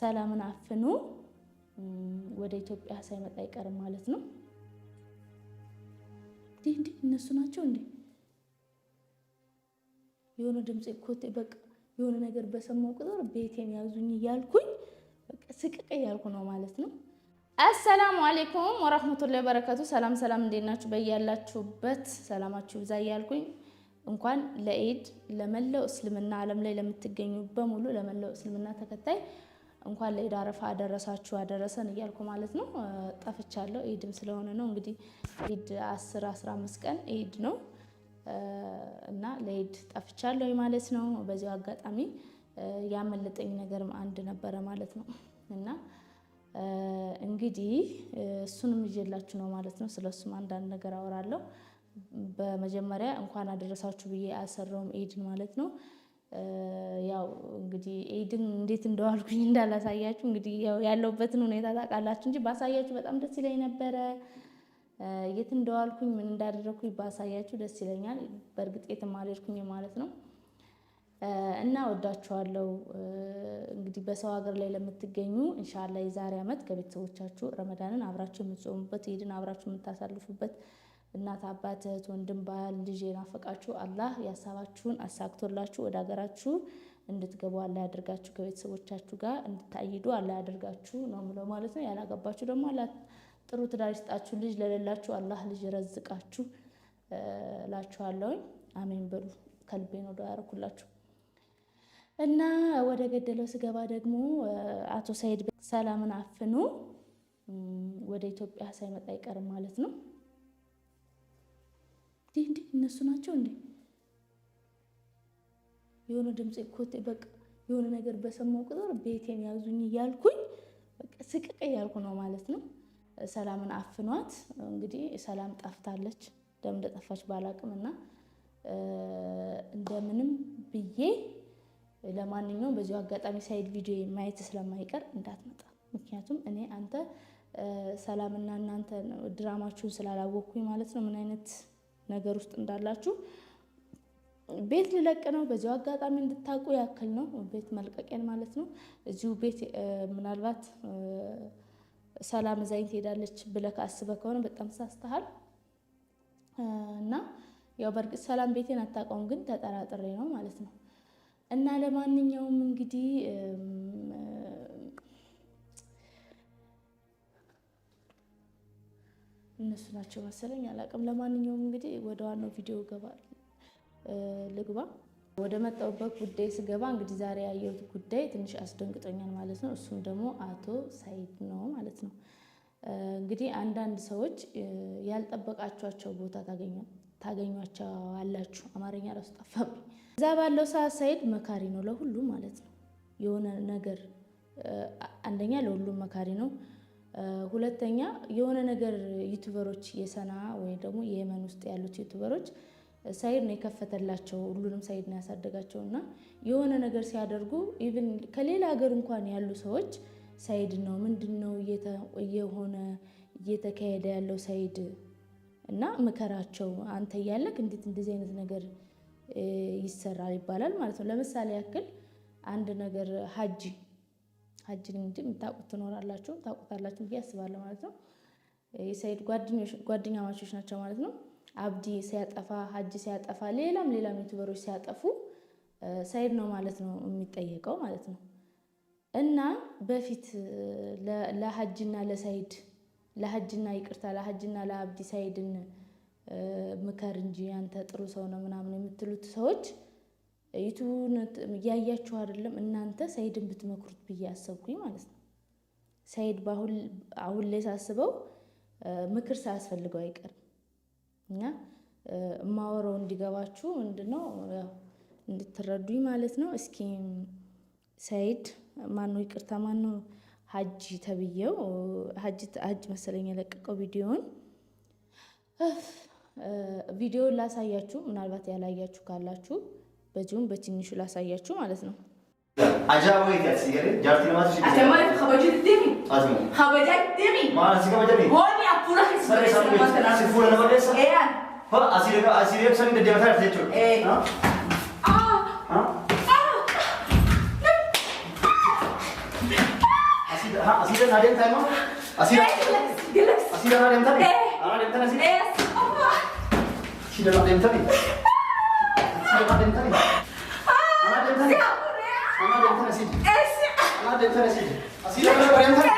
ሰላምን አፍኖ ወደ ኢትዮጵያ ሳይመጣ አይቀርም ማለት ነው። እንዲህ እንዲህ እነሱ ናቸው እንዴ? የሆነ ድምፅ ኮቴ በቃ የሆነ ነገር በሰማው ቁጥር ቤቴን ያዙኝ እያልኩኝ ስቅቅ እያልኩ ነው ማለት ነው። አሰላሙ አሌይኩም ወራህመቱላሂ በረከቱ። ሰላም ሰላም፣ እንዴት ናችሁ? በያላችሁበት ሰላማችሁ ብዛ እያልኩኝ እንኳን ለኢድ ለመላው እስልምና ዓለም ላይ ለምትገኙ በሙሉ ለመላው እስልምና ተከታይ እንኳን ለኢድ አረፋ አደረሳችሁ አደረሰን እያልኩ ማለት ነው። ጠፍቻለሁ። ኢድም ስለሆነ ነው እንግዲህ ኢድ 10 15 ቀን ኢድ ነው እና ለኢድ ጠፍቻለሁ ማለት ነው። በዚያው አጋጣሚ ያመለጠኝ ነገርም አንድ ነበረ ማለት ነው እና እንግዲህ እሱንም ይዤላችሁ ነው ማለት ነው። ስለ አንዳንድ ነገር አወራለሁ። በመጀመሪያ እንኳን አደረሳችሁ ብዬ አልሰራውም ኢድን ማለት ነው። ያው እንግዲህ ኤድን እንዴት እንደዋልኩኝ እንዳላሳያችሁ እንግዲህ ያው ያለውበትን ሁኔታ ታውቃላችሁ እንጂ ባሳያችሁ በጣም ደስ ይለኝ ነበረ። የት እንደዋልኩኝ ምን እንዳደረግኩኝ ባሳያችሁ ደስ ይለኛል። በእርግጥ የትም አልሄድኩኝ ማለት ነው እና ወዳችኋለሁ። እንግዲህ በሰው ሀገር ላይ ለምትገኙ እንሻላ የዛሬ ዓመት ከቤተሰቦቻችሁ ረመዳንን አብራችሁ የምትጾሙበት ኢድን አብራችሁ የምታሳልፉበት እናት አባት፣ እህት፣ ወንድም፣ ባል፣ ልጅ የናፈቃችሁ አላህ ያሳባችሁን አሳክቶላችሁ ወደ ሀገራችሁ እንድትገቡ አላህ ያደርጋችሁ። ከቤተሰቦቻችሁ ጋር እንድታይዱ አላህ ያደርጋችሁ ነው ምለው ማለት ነው። ያላገባችሁ ደግሞ አላህ ጥሩ ትዳር ይስጣችሁ። ልጅ ለሌላችሁ አላህ ልጅ ረዝቃችሁ እላችኋለሁኝ። አሜን በሉ። ከልቤ ነው ዱዓ እና ወደ ገደለው ስገባ ደግሞ አቶ ሰይድ ሰላምን አፍኖ ወደ ኢትዮጵያ ሳይመጣ አይቀርም ማለት ነው። እንዴ እንዴ እነሱ ናቸው እንዴ? የሆነ ድምፅ ኮቴ በቃ የሆነ ነገር በሰማው ቁጥር ቤቴን ያዙኝ እያልኩኝ ስቅቅ እያልኩ ነው ማለት ነው። ሰላምን አፍኗት እንግዲህ ሰላም ጠፍታለች። ደም እንደጠፋች ባላቅም እና እንደምንም ብዬ ለማንኛውም በዚሁ አጋጣሚ ሳይድ ቪዲዮ ማየት ስለማይቀር እንዳትመጣ። ምክንያቱም እኔ አንተ ሰላምና እናንተ ድራማችሁን ስላላወቅኩኝ ማለት ነው ምን አይነት ነገር ውስጥ እንዳላችሁ ቤት ልለቅ ነው። በዚያው አጋጣሚ እንድታውቁ ያክል ነው ቤት መልቀቄን ማለት ነው። እዚሁ ቤት ምናልባት ሰላም እዛኝ ትሄዳለች ብለህ አስበህ ከሆነ በጣም ሳስተሃል እና ያው በእርግጥ ሰላም ቤቴን አታውቀውም፣ ግን ተጠራጥሬ ነው ማለት ነው። እና ለማንኛውም እንግዲህ እነሱ ናቸው መሰለኝ አላቅም። ለማንኛውም እንግዲህ ወደ ዋናው ቪዲዮ ገባ ልግባ። ወደ መጣሁበት ጉዳይ ስገባ እንግዲህ ዛሬ ያየሁት ጉዳይ ትንሽ አስደንግጦኛል ማለት ነው። እሱም ደግሞ አቶ ሳይድ ነው ማለት ነው። እንግዲህ አንዳንድ ሰዎች ያልጠበቃችኋቸው ቦታ ታገኟቸው አላችሁ። አማርኛ ራሱ ጠፋብኝ። እዛ ባለው ሰዓት ሳይድ መካሪ ነው ለሁሉም ማለት ነው። የሆነ ነገር አንደኛ ለሁሉም መካሪ ነው ሁለተኛ የሆነ ነገር ዩቱበሮች የሰና ወይ ደግሞ የየመን ውስጥ ያሉት ዩቱበሮች ሳይድ ነው የከፈተላቸው ሁሉንም ሳይድ ነው ያሳደጋቸው እና የሆነ ነገር ሲያደርጉ ኢቭን ከሌላ ሀገር እንኳን ያሉ ሰዎች ሳይድ ነው ምንድን ነው የሆነ እየተካሄደ ያለው ሳይድ እና ምከራቸው አንተ እያለክ እንዴት እንደዚህ አይነት ነገር ይሰራል ይባላል ማለት ነው። ለምሳሌ ያክል አንድ ነገር ሀጂ ሀጅን እንግዲህ የምታውቁት ትኖራላችሁ ታውቁታላችሁ ብዬ አስባለሁ ማለት ነው። የሰይድ ጓደኛ ማቾች ናቸው ማለት ነው። አብዲ ሲያጠፋ፣ ሀጅ ሲያጠፋ፣ ሌላም ሌላም ዩቱበሮች ሲያጠፉ ሰይድ ነው ማለት ነው የሚጠየቀው ማለት ነው። እና በፊት ለሀጅና ለሰይድ ለሀጅና ይቅርታ ለሀጅና ለአብዲ ሰይድን ምከር እንጂ ያንተ ጥሩ ሰው ነው ምናምን የምትሉት ሰዎች ዩቱብን እያያችሁ አይደለም እናንተ ሰይድን ብትመክሩት ብዬ አሰብኩኝ ማለት ነው። ሰይድ አሁን ላይ ሳስበው ምክር ሳያስፈልገው አይቀርም እና እማወራው እንዲገባችሁ ምንድነው እንድትረዱኝ ማለት ነው። እስኪ ሰይድ ማነው ይቅርታ ማነው ሀጂ ተብዬው ሀጂ መሰለኝ የለቀቀው ቪዲዮን ቪዲዮን ላሳያችሁ ምናልባት ያላያችሁ ካላችሁ በዚሁም በትንሹ ላሳያችሁ ማለት ነው። dental Anak dental Anak dental sini. Anak dental sini. Sini lu boleh dental.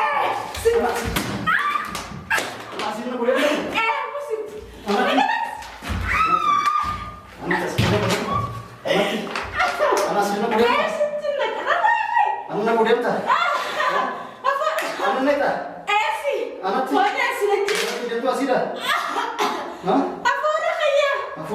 Sini. Sini lu boleh. Eh, musim. Anak Anak sini boleh. Eh. Anak sini boleh. Eh, sini lah. Anak boleh dental. Apa? Anak dental. Eh, sih. Anak sih. Banyak sih. Dental sih dah. Hah? Apa orang kaya? Apa?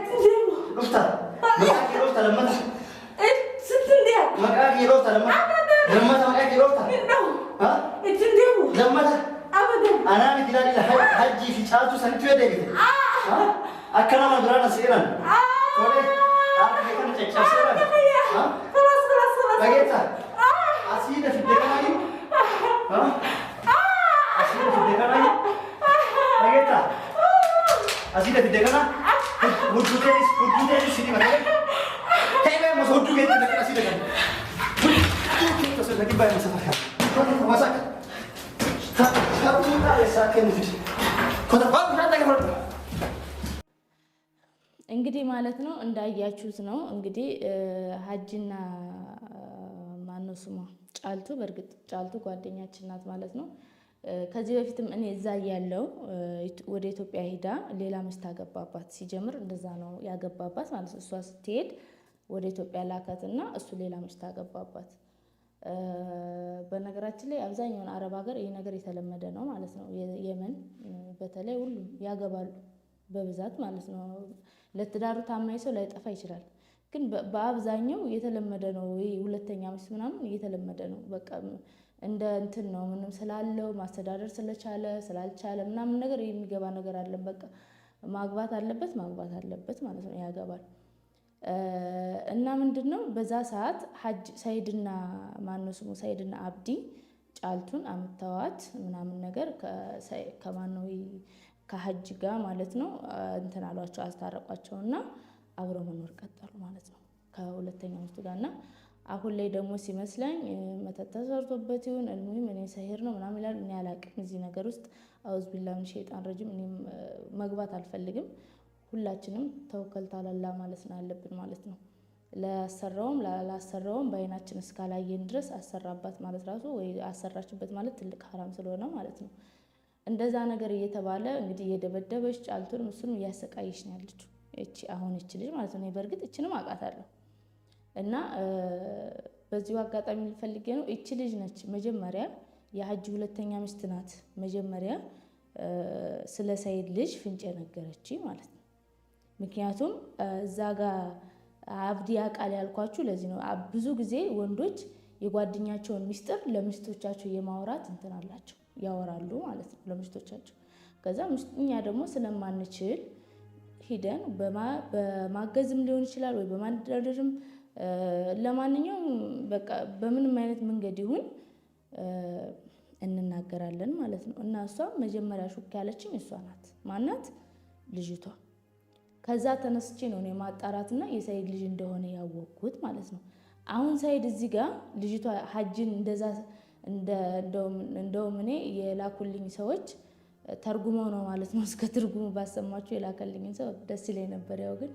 Saltu san fede gidi. Akkana ma Selas siran. Tole. Akka kana cecca siran. Khalas khalas khalas. Bagetta. Asida fide kana gidi. Asida fide kana gidi. Bagetta. Asida fide kana. Huddu tenis huddu tenis sini mana? Tebe mas huddu gedi nak asida kan. masak, sudah tiba masak, sama. Kita masak. Tak tak tak tak tak tak tak tak tak እንግዲህ ማለት ነው እንዳያችሁት ነው እንግዲህ ሀጂና ማነው ስሟ ጫልቱ፣ በእርግጥ ጫልቱ ጓደኛችን ናት ማለት ነው። ከዚህ በፊትም እኔ እዛ ያለው ወደ ኢትዮጵያ ሄዳ ሌላ ሚስት አገባባት። ሲጀምር እንደዛ ነው ያገባባት ማለት ነው። እሷ ስትሄድ ወደ ኢትዮጵያ ላካት እና እሱ ሌላ ሚስት አገባባት። በነገራችን ላይ አብዛኛውን አረብ ሀገር ይህ ነገር የተለመደ ነው ማለት ነው። የመን በተለይ ሁሉም ያገባሉ በብዛት ማለት ነው። ለትዳሩ ታማኝ ሰው ላይጠፋ ይችላል፣ ግን በአብዛኛው የተለመደ ነው። ይህ ሁለተኛ ሚስት ምናምን እየተለመደ ነው። በቃ እንደ እንትን ነው ምንም ስላለው ማስተዳደር ስለቻለ ስላልቻለ ምናምን ነገር የሚገባ ነገር አለን። በቃ ማግባት አለበት ማግባት አለበት ማለት ነው። ያገባል እና ምንድን ነው በዛ ሰዓት ሀጅ ሰይድና ማነው ስሙ ሰይድና አብዲ ጫልቱን አምተዋት ምናምን ነገር ከማነው ከሀጅ ጋር ማለት ነው እንትን አሏቸው አስታረቋቸው እና አብረው መኖር ቀጠሉ ማለት ነው ከሁለተኛ ሚስቱ ጋር እና አሁን ላይ ደግሞ ሲመስለኝ መተት ተሰርቶበት ይሁን እልሙም እኔ ሰሄር ነው ምናምን ይላል። እኔ አላቅም እዚህ ነገር ውስጥ አውዝ ቢላ ሸይጣን ረጅም እኔም መግባት አልፈልግም። ሁላችንም ተወከል ታላላ ማለት ነው ያለብን ማለት ነው። ለሰራውም ላሰራውም በአይናችን እስካላየን ድረስ አሰራባት ማለት ራሱ ወይ አሰራችበት ማለት ትልቅ ሀራም ስለሆነ ማለት ነው። እንደዛ ነገር እየተባለ እንግዲህ እየደበደበች ጫልቱን እሱንም እያሰቃየች ነው ያለችው እቺ አሁን እቺ ልጅ ማለት ነው። በእርግጥ እችንም አውቃታለሁ እና በዚሁ አጋጣሚ ልፈልጌ ነው እቺ ልጅ ነች መጀመሪያ የሀጂ ሁለተኛ ሚስት ናት። መጀመሪያ ስለ ሰይድ ልጅ ፍንጭ ነገረች ማለት ነው። ምክንያቱም እዛ ጋር አብዲ ያውቃል ያልኳችሁ ለዚህ ነው። ብዙ ጊዜ ወንዶች የጓደኛቸውን ሚስጥር ለሚስቶቻቸው የማውራት እንትን አላቸው፣ ያወራሉ ማለት ነው ለሚስቶቻቸው። ከዛ እኛ ደግሞ ስለማንችል ሂደን በማገዝም ሊሆን ይችላል ወይ በማደርም ለማንኛውም በቃ በምንም አይነት መንገድ ይሁን እንናገራለን ማለት ነው። እና እሷ መጀመሪያ ሹክ ያለችኝ እሷ ናት። ማናት? ልጅቷ ከዛ ተነስቼ ነው እኔ ማጣራትና የሳይድ ልጅ እንደሆነ ያወቅኩት ማለት ነው። አሁን ሳይድ እዚህ ጋር ልጅቷ ሀጅን እንደዛ እንደውም እኔ የላኩልኝ ሰዎች ተርጉመው ነው ማለት ነው። እስከ ትርጉሙ ባሰማችሁ የላከልኝን ሰው ደስ ይለኝ ነበር። ያው ግን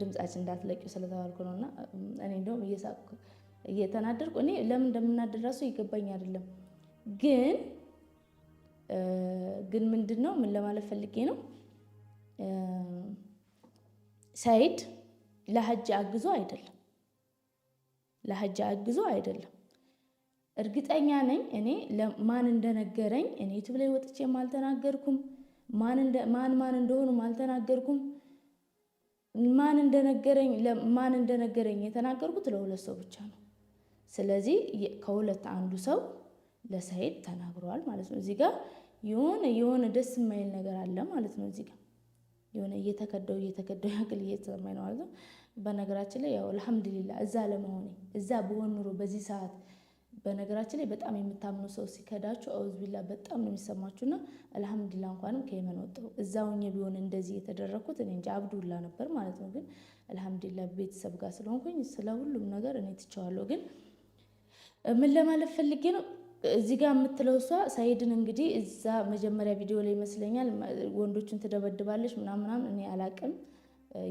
ድምጻችን እንዳትለቂው ስለተባልኩ ነው። እና እኔ እንደውም እየሳቅኩ እየተናደድኩ እኔ ለምን እንደምናደር ራሱ ይገባኝ አይደለም። ግን ግን ምንድን ነው ምን ለማለት ፈልጌ ነው ሰይድ ለሀጅ አግዞ አይደለም ለሀጅ አግዞ አይደለም። እርግጠኛ ነኝ እኔ ማን እንደነገረኝ እኔ ዩቲዩብ ላይ ወጥቼም አልተናገርኩም። ማን ማን እንደሆኑ አልተናገርኩም። ማን እንደነገረኝ ማን እንደነገረኝ የተናገርኩት ለሁለት ሰው ብቻ ነው። ስለዚህ ከሁለት አንዱ ሰው ለሰይድ ተናግረዋል ማለት ነው። እዚህ ጋር የሆነ የሆነ ደስ የማይል ነገር አለ ማለት ነው እዚህ ጋር የሆነ እየተከደው እየተከደው ያቅል እየተሰማኝ ነው ማለት ነው። በነገራችን ላይ ያው አልሐምዱሊላ እዛ ለመሆኔ እዛ በሆን ኑሮ በዚህ ሰዓት በነገራችን ላይ በጣም የምታምኑ ሰው ሲከዳችሁ አውዝቢላ በጣም ነው የሚሰማችሁና አልሐምዱሊላ እንኳንም ከየመን ወጣሁ። እዛ ሆኜ ቢሆን እንደዚህ የተደረግኩት እኔ እንጂ አብዱላ ነበር ማለት ነው። ግን አልሐምዱሊላ ቤተሰብ ጋር ስለሆንኩኝ ስለ ሁሉም ነገር እኔ ትቸዋለሁ። ግን ምን ለማለት ፈልጌ ነው እዚህ ጋር የምትለው እሷ ሰኢድን እንግዲህ እዛ መጀመሪያ ቪዲዮ ላይ ይመስለኛል ወንዶችን ትደበድባለች ምናምናም እኔ አላቅም፣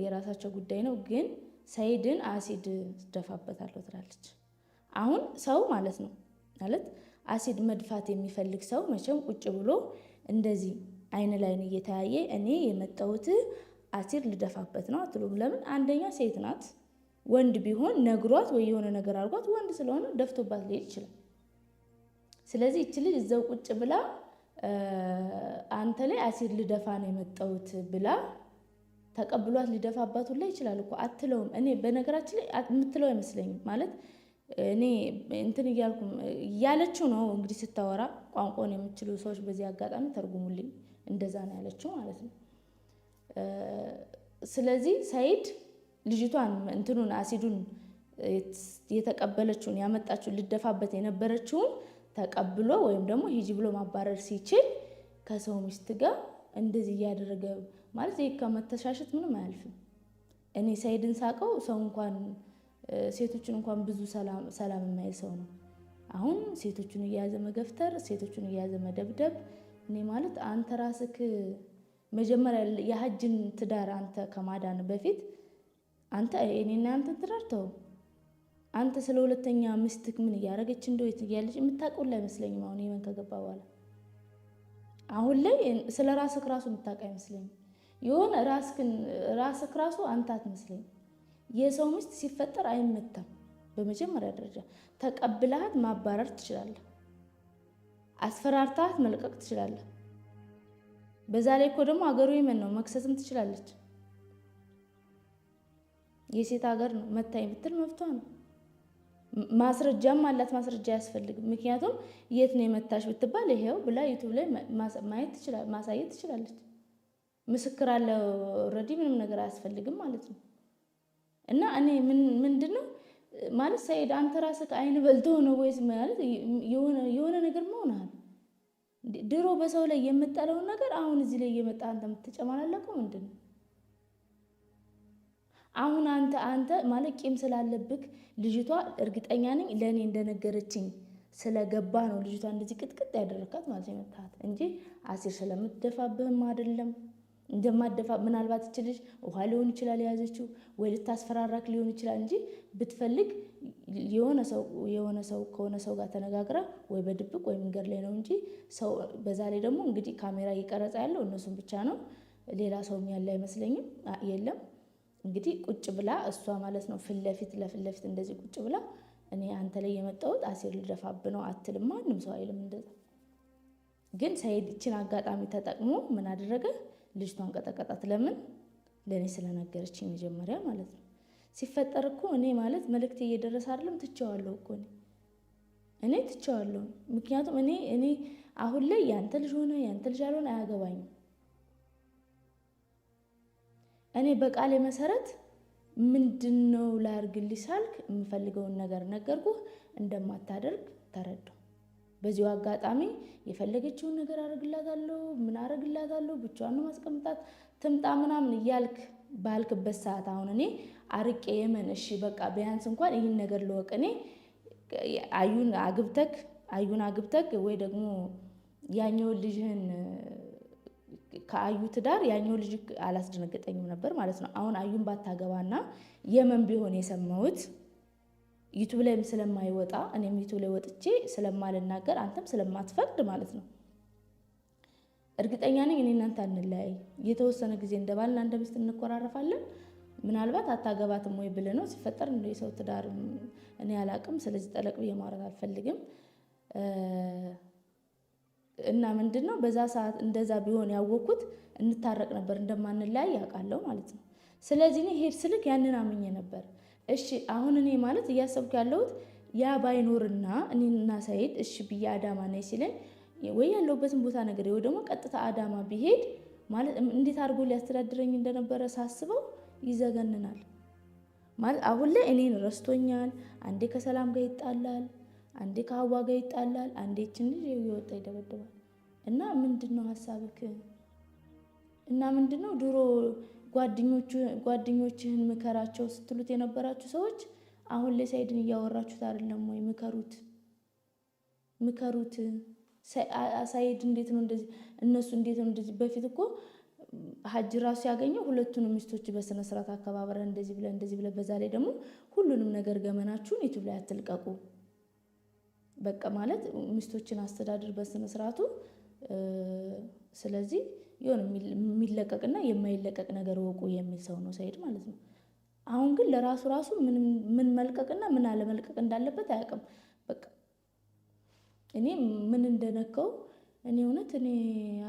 የራሳቸው ጉዳይ ነው። ግን ሳይድን አሲድ ትደፋበታለሁ ትላለች። አሁን ሰው ማለት ነው ማለት አሲድ መድፋት የሚፈልግ ሰው መቼም ቁጭ ብሎ እንደዚህ አይን ላይን እየተያየ እኔ የመጣሁት አሲድ ልደፋበት ነው አትሉም። ለምን? አንደኛ ሴት ናት። ወንድ ቢሆን ነግሯት ወይ የሆነ ነገር አድርጓት፣ ወንድ ስለሆነ ደፍቶባት ሊሄድ ይችላል። ስለዚህ እች ልጅ እዛው ቁጭ ብላ አንተ ላይ አሲድ ልደፋ ነው የመጣሁት ብላ ተቀብሏት ሊደፋ አባቱ ላይ ይችላል እኮ አትለውም። እኔ በነገራችን ላይ የምትለው አይመስለኝም ማለት እኔ እንትን እያልኩ እያለችው ነው እንግዲህ ስታወራ ቋንቋን የምችሉ ሰዎች በዚህ አጋጣሚ ተርጉሙልኝ። እንደዛ ነው ያለችው ማለት ነው። ስለዚህ ሰይድ ልጅቷን እንትኑን አሲዱን የተቀበለችውን ያመጣችውን ልደፋበት የነበረችውን ተቀብሎ ወይም ደግሞ ሂጂ ብሎ ማባረር ሲችል ከሰው ሚስት ጋር እንደዚህ እያደረገ ማለት ይህ ከመተሻሸት ምንም አያልፍም። እኔ ሰይድን ሳቀው ሰው እንኳን ሴቶችን እንኳን ብዙ ሰላም የማይል ሰው ነው። አሁን ሴቶችን እየያዘ መገፍተር፣ ሴቶችን እየያዘ መደብደብ እኔ ማለት አንተ ራስክ መጀመሪያ የሀጅን ትዳር አንተ ከማዳን በፊት አንተ እኔና አንተ ትዳር ተው አንተ ስለ ሁለተኛ ሚስትህ ምን እያደረገች እንደው እያለች የምታውቀውን አይመስለኝም። አሁን የመን ከገባ በኋላ አሁን ላይ ስለ ራስህ ራሱ የምታውቅ አይመስለኝም። የሆነ ራስህ ራሱ አንተ አትመስለኝም። የሰው ሚስት ሲፈጠር አይመታም። በመጀመሪያ ደረጃ ተቀብለሃት ማባረር ትችላለህ። አስፈራርታት መልቀቅ ትችላለህ። በዛ ላይ እኮ ደግሞ ሀገሩ የመን ነው፣ መክሰስም ትችላለች። የሴት ሀገር ነው። መታኝ ብትል መብቷ ነው። ማስረጃም አላት። ማስረጃ አያስፈልግም። ምክንያቱም የት ነው የመታሽ ብትባል ይሄው ብላ ዩቱብ ላይ ማየት ማሳየት ትችላለች። ምስክር አለው ረዲ ምንም ነገር አያስፈልግም ማለት ነው። እና እኔ ምንድን ነው ማለት ሰኢድ፣ አንተ ራስህ አይን በልቶ ነው ወይስ ማለት የሆነ ነገር መሆንሃል? ድሮ በሰው ላይ የምጠለውን ነገር አሁን እዚህ ላይ እየመጣ አንተ የምትጨማላለቀው ምንድን ነው? አሁን አንተ አንተ ማለት ቂም ስላለብክ ልጅቷ እርግጠኛ ነኝ ለእኔ እንደነገረችኝ ስለገባ ነው ልጅቷ እንደዚህ ቅጥቅጥ ያደረካት ማለት ነው የመታት እንጂ አሲር ስለምትደፋብህም አይደለም እንደማደፋ ምናልባት እች ልጅ ውሃ ሊሆን ይችላል የያዘችው ወይ ልታስፈራራክ ሊሆን ይችላል እንጂ ብትፈልግ የሆነ ሰው የሆነ ሰው ከሆነ ሰው ጋር ተነጋግራ ወይ በድብቅ ወይ መንገድ ላይ ነው እንጂ ሰው በዛ ላይ ደግሞ እንግዲህ ካሜራ እየቀረጸ ያለው እነሱም ብቻ ነው ሌላ ሰውም ያለ አይመስለኝም የለም እንግዲህ ቁጭ ብላ እሷ ማለት ነው ፊት ለፊት ለፊት ለፊት እንደዚህ ቁጭ ብላ እኔ አንተ ላይ የመጣሁት አሲር ልደፋብ ነው አትልም። ማንም ሰው አይልም እንደዛ። ግን ሰይድ ይችን አጋጣሚ ተጠቅሞ ምን አደረገ? ልጅቷን ቀጠቀጣት። ለምን? ለእኔ ስለነገረች የመጀመሪያ ማለት ነው። ሲፈጠር እኮ እኔ ማለት መልእክት እየደረሰ አይደለም። ትቼዋለሁ እኮ እኔ እኔ ትቼዋለሁ። ምክንያቱም እኔ እኔ አሁን ላይ ያንተ ልጅ ሆነ ያንተ ልጅ አልሆነ አያገባኝም። እኔ በቃሌ መሰረት ምንድን ነው ላድርግልሽ ሳልክ የምፈልገውን ነገር ነገርኩህ፣ እንደማታደርግ ተረዱ። በዚሁ አጋጣሚ የፈለገችውን ነገር አደርግላታለሁ፣ ምን አደርግላታለሁ፣ ብቻዋን ማስቀምጣት ትምጣ ምናምን እያልክ ባልክበት ሰዓት አሁን እኔ አርቄ የመን እሺ በቃ ቢያንስ እንኳን ይህን ነገር ልወቅ። እኔ አዩን አግብተክ አዩን አግብተክ ወይ ደግሞ ያኛውን ልጅህን ከአዩ ትዳር ያኛው ልጅ አላስደነገጠኝም ነበር ማለት ነው። አሁን አዩን ባታገባና የመን ቢሆን የሰማሁት ዩቱብ ላይም ስለማይወጣ እኔም ዩቱብ ላይ ወጥቼ ስለማልናገር አንተም ስለማትፈቅድ ማለት ነው። እርግጠኛ ነኝ እኔ እናንተ አንለያይ፣ የተወሰነ ጊዜ እንደ ባልና እንደ ሚስት እንኮራረፋለን። ምናልባት አታገባትም ወይ ብለህ ነው ሲፈጠር እንደ የሰው ትዳር እኔ አላቅም። ስለዚህ ጠለቅ ብዬ ማውራት አልፈልግም። እና ምንድን ነው በዛ ሰዓት እንደዛ ቢሆን ያወቅኩት እንታረቅ ነበር እንደማንለያይ ያውቃለሁ ማለት ነው። ስለዚህ እኔ ሄድ ስልክ ያንን አምኜ ነበር። እሺ አሁን እኔ ማለት እያሰብኩ ያለሁት ያ ባይኖርና እኔና ሳይድ እሺ ብዬ አዳማ ነኝ ሲለኝ ወይ ያለሁበትን ቦታ ነገር ወይ ደግሞ ቀጥታ አዳማ ቢሄድ ማለት እንዴት አድርጎ ሊያስተዳድረኝ እንደነበረ ሳስበው ይዘገንናል። ማለት አሁን ላይ እኔን ረስቶኛል። አንዴ ከሰላም ጋር ይጣላል አንዴ ከአዋ ጋር ይጣላል፣ አንዴ ችን ልጅ እየወጣ ይደበድባል። እና ምንድን ነው ሀሳብክ? እና ምንድን ነው ድሮ ጓደኞችህን ምከራቸው ስትሉት የነበራችሁ ሰዎች አሁን ላይ ሰኢድን እያወራችሁት አይደለም ወይ? ምከሩት፣ ምከሩት። ሰይድ እንዴት ነው እንደዚህ? እነሱ እንዴት ነው እንደዚህ? በፊት እኮ ሀጅ ራሱ ያገኘው ሁለቱንም ሚስቶች በስነ ስርዓት አከባበረ እንደዚህ ብለ እንደዚህ ብለ። በዛ ላይ ደግሞ ሁሉንም ነገር ገመናችሁን ዩቱብ ላይ አትልቀቁ። በቃ ማለት ሚስቶችን አስተዳድር በስነ ስርዓቱ። ስለዚህ የሆነ የሚለቀቅና የማይለቀቅ ነገር ወቁ የሚል ሰው ነው ሰኢድ ማለት ነው። አሁን ግን ለራሱ ራሱ ምን መልቀቅና ምን አለመልቀቅ እንዳለበት አያውቅም። በቃ እኔ ምን እንደነካው እኔ እውነት እኔ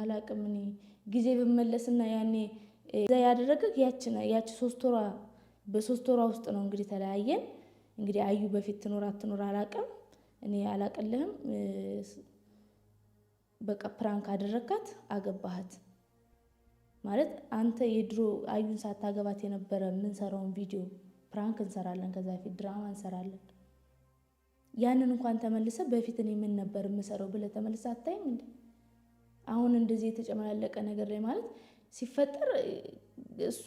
አላውቅም። እኔ ጊዜ ብመለስና ያኔ እዛ ያደረገ ያቺ ሶስት ወሯ በሶስት ወሯ ውስጥ ነው እንግዲህ ተለያየን። እንግዲህ አዩ በፊት ትኖር አትኖር አላውቅም። እኔ አላቅልህም፣ በቃ ፕራንክ አደረግካት፣ አገባሃት ማለት አንተ የድሮ አዩን ሳታገባት የነበረ የምንሰራውን ቪዲዮ ፕራንክ እንሰራለን፣ ከዛ በፊት ድራማ እንሰራለን። ያንን እንኳን ተመልሰ በፊት እኔ ምን ነበር የምሰራው ብለ ተመልሰ አታይም እንዴ? አሁን እንደዚህ የተጨመላለቀ ነገር ላይ ማለት ሲፈጠር እሷ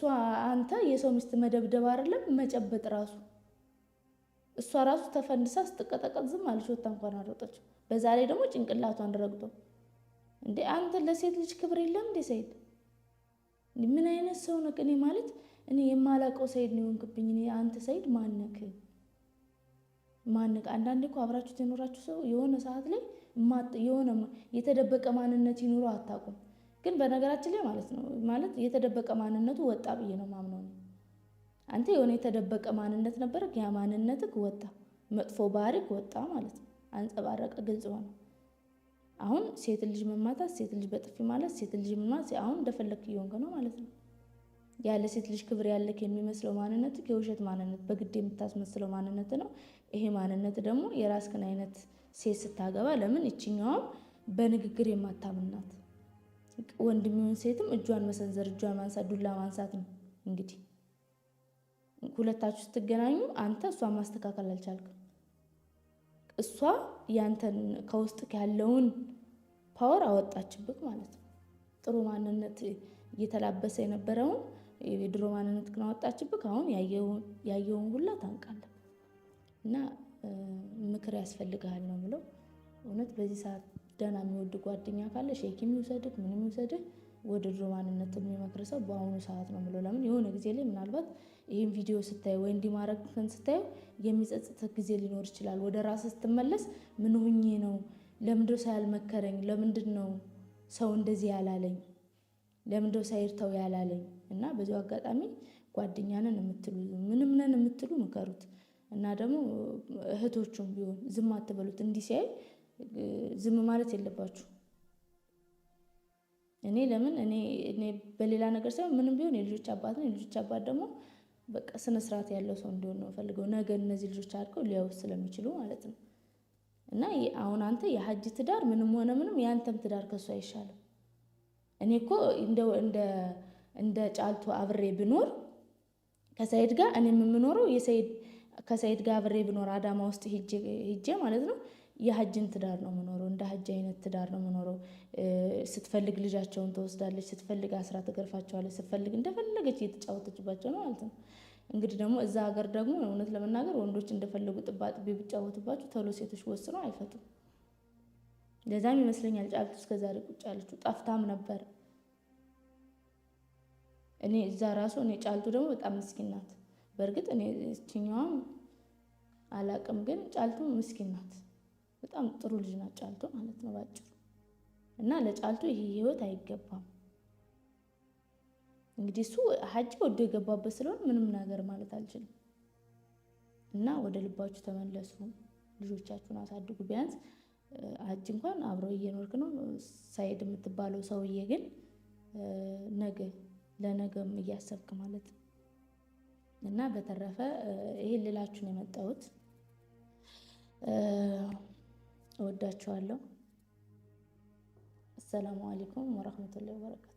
አንተ የሰው ሚስት መደብደብ አይደለም መጨበጥ ራሱ እሷ ራሱ ተፈንድሳ ስትቀጠቀጥ ዝም አለች፣ ወታ እንኳን አልሮጠችም። በዛ ላይ ደግሞ ጭንቅላቷን ረግጦ እንዴ! አንተ ለሴት ልጅ ክብር የለም እንዴ? ሰይድ ምን አይነት ሰው ነህ? እኔ ማለት እኔ የማላውቀው ሰይድ ነው የሆንክብኝ። እኔ አንተ ሰይድ ማነክ ማነቅ አንዳንዴ እኮ አብራችሁ የኖራችሁ ሰው የሆነ ሰዓት ላይ የሆነ የተደበቀ ማንነት ይኑሮ አታውቁም። ግን በነገራችን ላይ ማለት ነው ማለት የተደበቀ ማንነቱ ወጣ ብዬ ነው ማምነው አንተ የሆነ የተደበቀ ማንነት ነበረ፣ ያ ማንነትህ ወጣ፣ መጥፎ ባህሪክ ወጣ ማለት ነው። አንጸባረቀ፣ ግልጽ ሆነ። አሁን ሴት ልጅ መማታት፣ ሴት ልጅ በጥፊ ማለት፣ ሴት ልጅ ምማት፣ አሁን እንደፈለክ እየሆንክ ነው ማለት ነው። ያለ ሴት ልጅ ክብር ያለክ የሚመስለው ማንነት የውሸት ማንነት፣ በግድ የምታስመስለው ማንነት ነው። ይሄ ማንነት ደግሞ የራስክን አይነት ሴት ስታገባ፣ ለምን ይችኛውም በንግግር የማታምናት ወንድም ይሁን ሴትም እጇን መሰንዘር፣ እጇን ማንሳት፣ ዱላ ማንሳት ነው እንግዲህ ሁለታችሁ ስትገናኙ አንተ እሷን ማስተካከል አልቻልክም። እሷ ያንተን ከውስጥ ያለውን ፓወር አወጣችብክ ማለት ነው። ጥሩ ማንነት እየተላበሰ የነበረውን የድሮ ማንነት ግን አወጣችብቅ። አሁን ያየውን ሁላ ታንቃለህ እና ምክር ያስፈልግሃል ነው ብለው እውነት በዚህ ሰዓት ደህና የሚወድ ጓደኛ ካለ ሼክ የሚውሰድህ ምንም ይውሰድህ ወደ ድሮ ማንነት የሚመክር ሰው በአሁኑ ሰዓት ነው የምለው። ለምን የሆነ ጊዜ ላይ ምናልባት ይህን ቪዲዮ ስታይ ወይ እንዲህ ማድረግህን ስታየው ጊዜ ሊኖር ይችላል። ወደ ራስ ስትመለስ ምን ሁኜ ነው? ለምንድነው ሰው ያልመከረኝ? ለምንድን ነው ሰው እንደዚህ ያላለኝ? ሰው ይርተው ያላለኝ? እና በዚሁ አጋጣሚ ጓደኛንን የምትሉ ምንም ነን የምትሉ ምከሩት እና ደግሞ እህቶቹም ቢሆን ዝም አትበሉት። እንዲህ ሲያይ ዝም ማለት የለባችሁ። እኔ ለምን እኔ እኔ በሌላ ነገር ሳይሆን ምንም ቢሆን የልጆች አባት ነው። የልጆች አባት ደግሞ በቃ ስነ ስርዓት ያለው ሰው እንዲሆን ነው ፈልገው ነገ እነዚህ ልጆች አድርገው ሊያው ስለሚችሉ ማለት ነው። እና አሁን አንተ የሀጅ ትዳር ምንም ሆነ ምንም የአንተም ትዳር ከሱ አይሻልም። እኔ እኮ እንደ ጫልቱ አብሬ ብኖር ከሰይድ ጋር እኔ የምኖረው ከሰይድ ጋር አብሬ ብኖር አዳማ ውስጥ ሂጄ ማለት ነው የሀጅን ትዳር ነው የምኖረው፣ እንደ ሀጅ አይነት ትዳር ነው የምኖረው። ስትፈልግ ልጃቸውን ትወስዳለች፣ ስትፈልግ አስራ ትገርፋቸዋለች፣ ስትፈልግ እንደፈለገች እየተጫወተችባቸው ነው ማለት ነው። እንግዲህ ደግሞ እዛ ሀገር ደግሞ እውነት ለመናገር ወንዶች እንደፈለጉ ጥባጥቤ ቢጫወቱባቸው ተሎ ሴቶች ወስነው አይፈቱም። ለዛም ይመስለኛል ጫልቱ እስከዛሬ ቁጭ ያለችው ጠፍታም ነበር። እኔ እዛ ራሱ እኔ ጫልቱ ደግሞ በጣም ምስኪን ናት። በእርግጥ እኔ ችኛዋም አላቅም፣ ግን ጫልቱ ምስኪን ናት። በጣም ጥሩ ልጅ ናት ጫልቶ ማለት ነው ባጭሩ። እና ለጫልቶ ይሄ ህይወት አይገባም። እንግዲህ እሱ ሀጅ ወዶ የገባበት ስለሆነ ምንም ነገር ማለት አልችልም። እና ወደ ልባችሁ ተመለሱ፣ ልጆቻችሁን አሳድጉ። ቢያንስ ሀጅ እንኳን አብሮ እየኖርክ ነው። ሳይድ የምትባለው ሰውዬ ግን ነገ ለነገም እያሰብክ ማለት ነው። እና በተረፈ ይህን ልላችሁን የመጣሁት። እወዳችኋለሁ። አሰላሙ አሌይኩም ወረህመቱላሂ ወበረካቱ